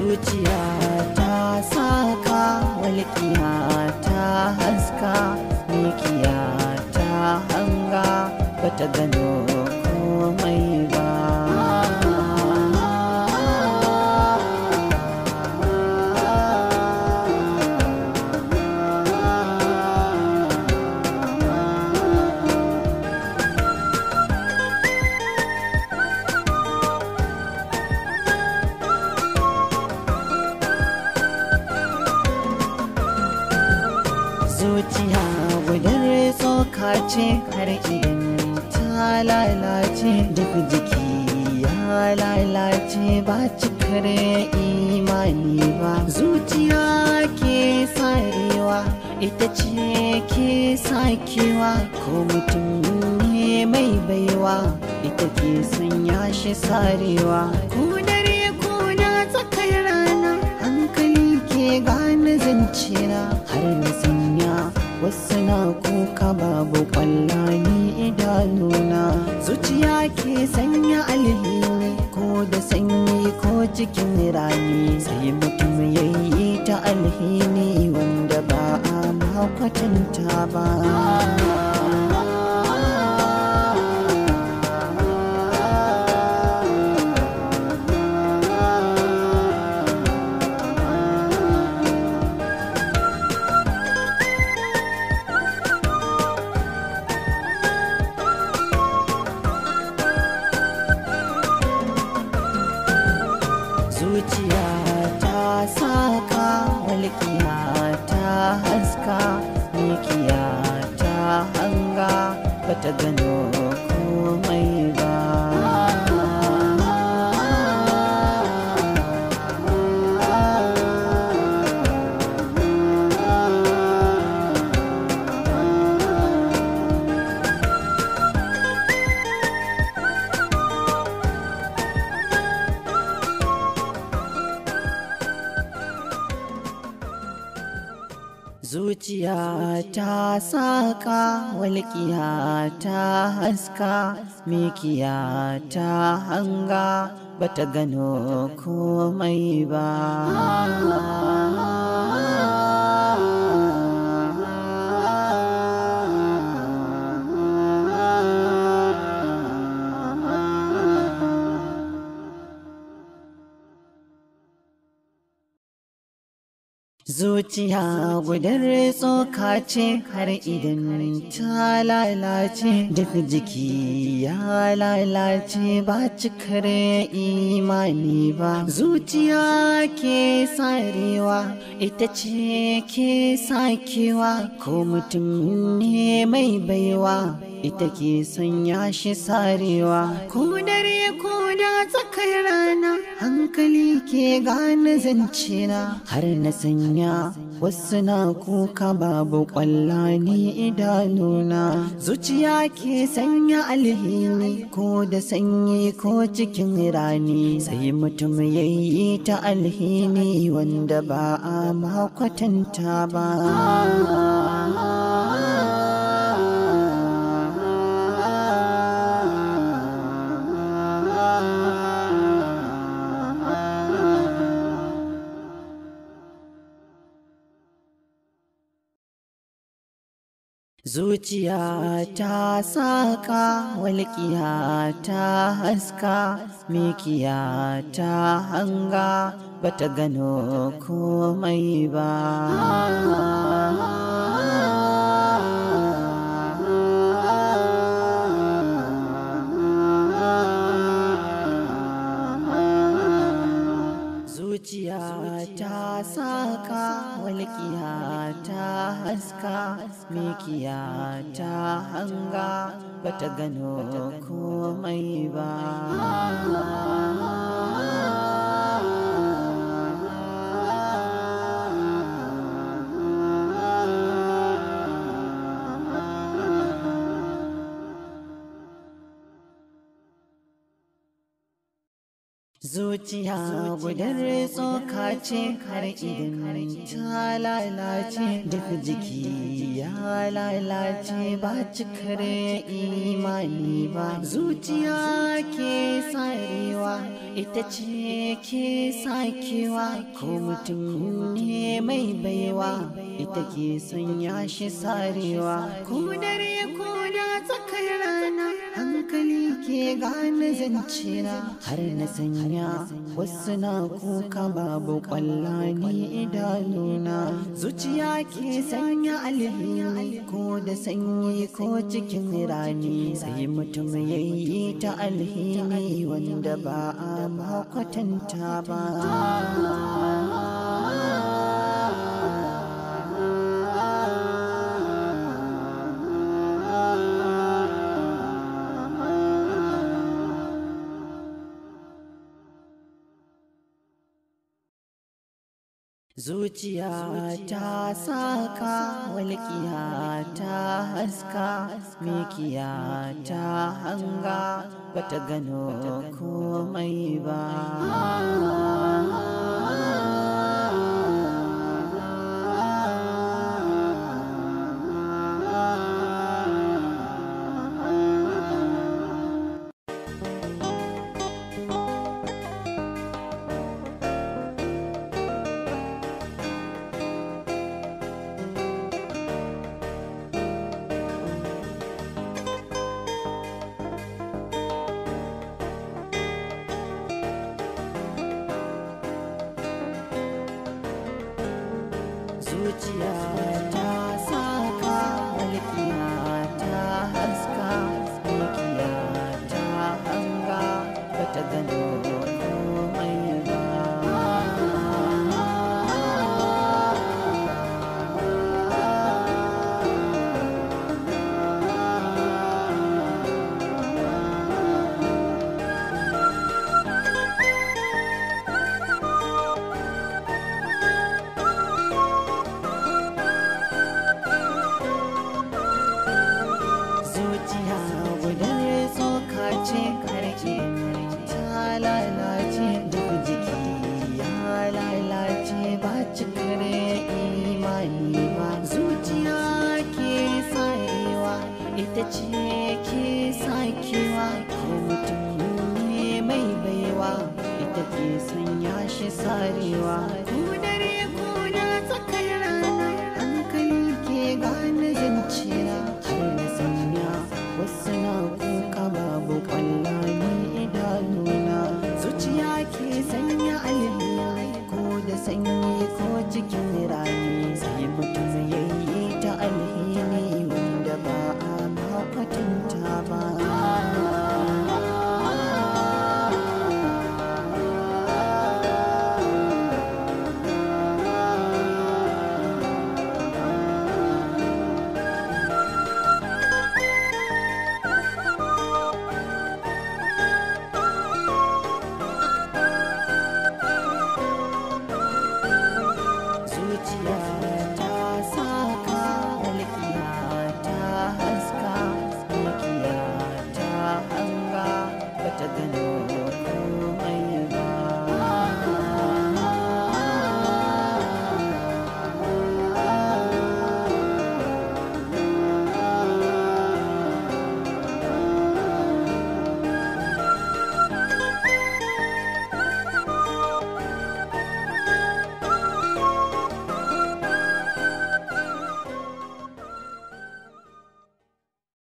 zuciya ta saka walƙiya ta haska mikiya ta hanga bata gano komai ba zuciya gudun ka ce karki ta lalace duk jiki ya lalace ba cikar imani ba zuciya ke sarewa ita ce ke sakewa ko mutum ne mai baiwa ita ke sanya shi sarewa ko dare ko na tsakar rana hankali ke gane zancina har na na kuka babu kwallani idanuna zuciya ke sanya alheri ko da sanyi ko cikin rani sai mutum yayi ta alhini wanda ba a makwatanta ba Zuciya ta saka walƙiya ta haska mikiya ta hanga bata gano komai ba. zuciya gudan tsoka ce har idan ta lalace duk jiki ya lalace ba cikar imani ba zuciya ke sarewa ita ce ke sakewa ko mutum ne mai baiwa ita ke sanya shi sarewa ko dare ko da tsakar rana hankali ke gane zance na har na sanya wasu na kuka babu kwallani idanuna zuciya ke sanya alhini ko da sanyi ko cikin rani sai mutum ya yi ta alhini wanda ba a makwatanta ba Zuciya ta saƙa walƙiya ta haska mikiya ta hanga bata gano komai ba. zuciya ta saka walƙiya ta haska mikiya ta hanga bata gano komai ba Zuciya gudanar tsoka ce har idan ta lalace duk jiki ya lalace ba cikar imani ba. Zuciya ke sarewa ita ce ke sakewa ko mutum ne mai baiwa ita ke sanya shi sarewa. ko dare gane zancina har na sanya wasu na kuka babu kwallani idanuna zuciya ke sanya alhini ko da sanyi ko cikin rani sai mutum ya yi ta alheri wanda ba a ba kwatanta ba Zuciya ta saka walkiya ta haska mikiya ta hanga bata gano komai ba. dia. ce karki ta lalace duk jiki ya lalace ba cikar imani ba zuciya ke sarewa ita ce ke sakewa ko mutum ne mai baiwa ita ke sanya shi sarewa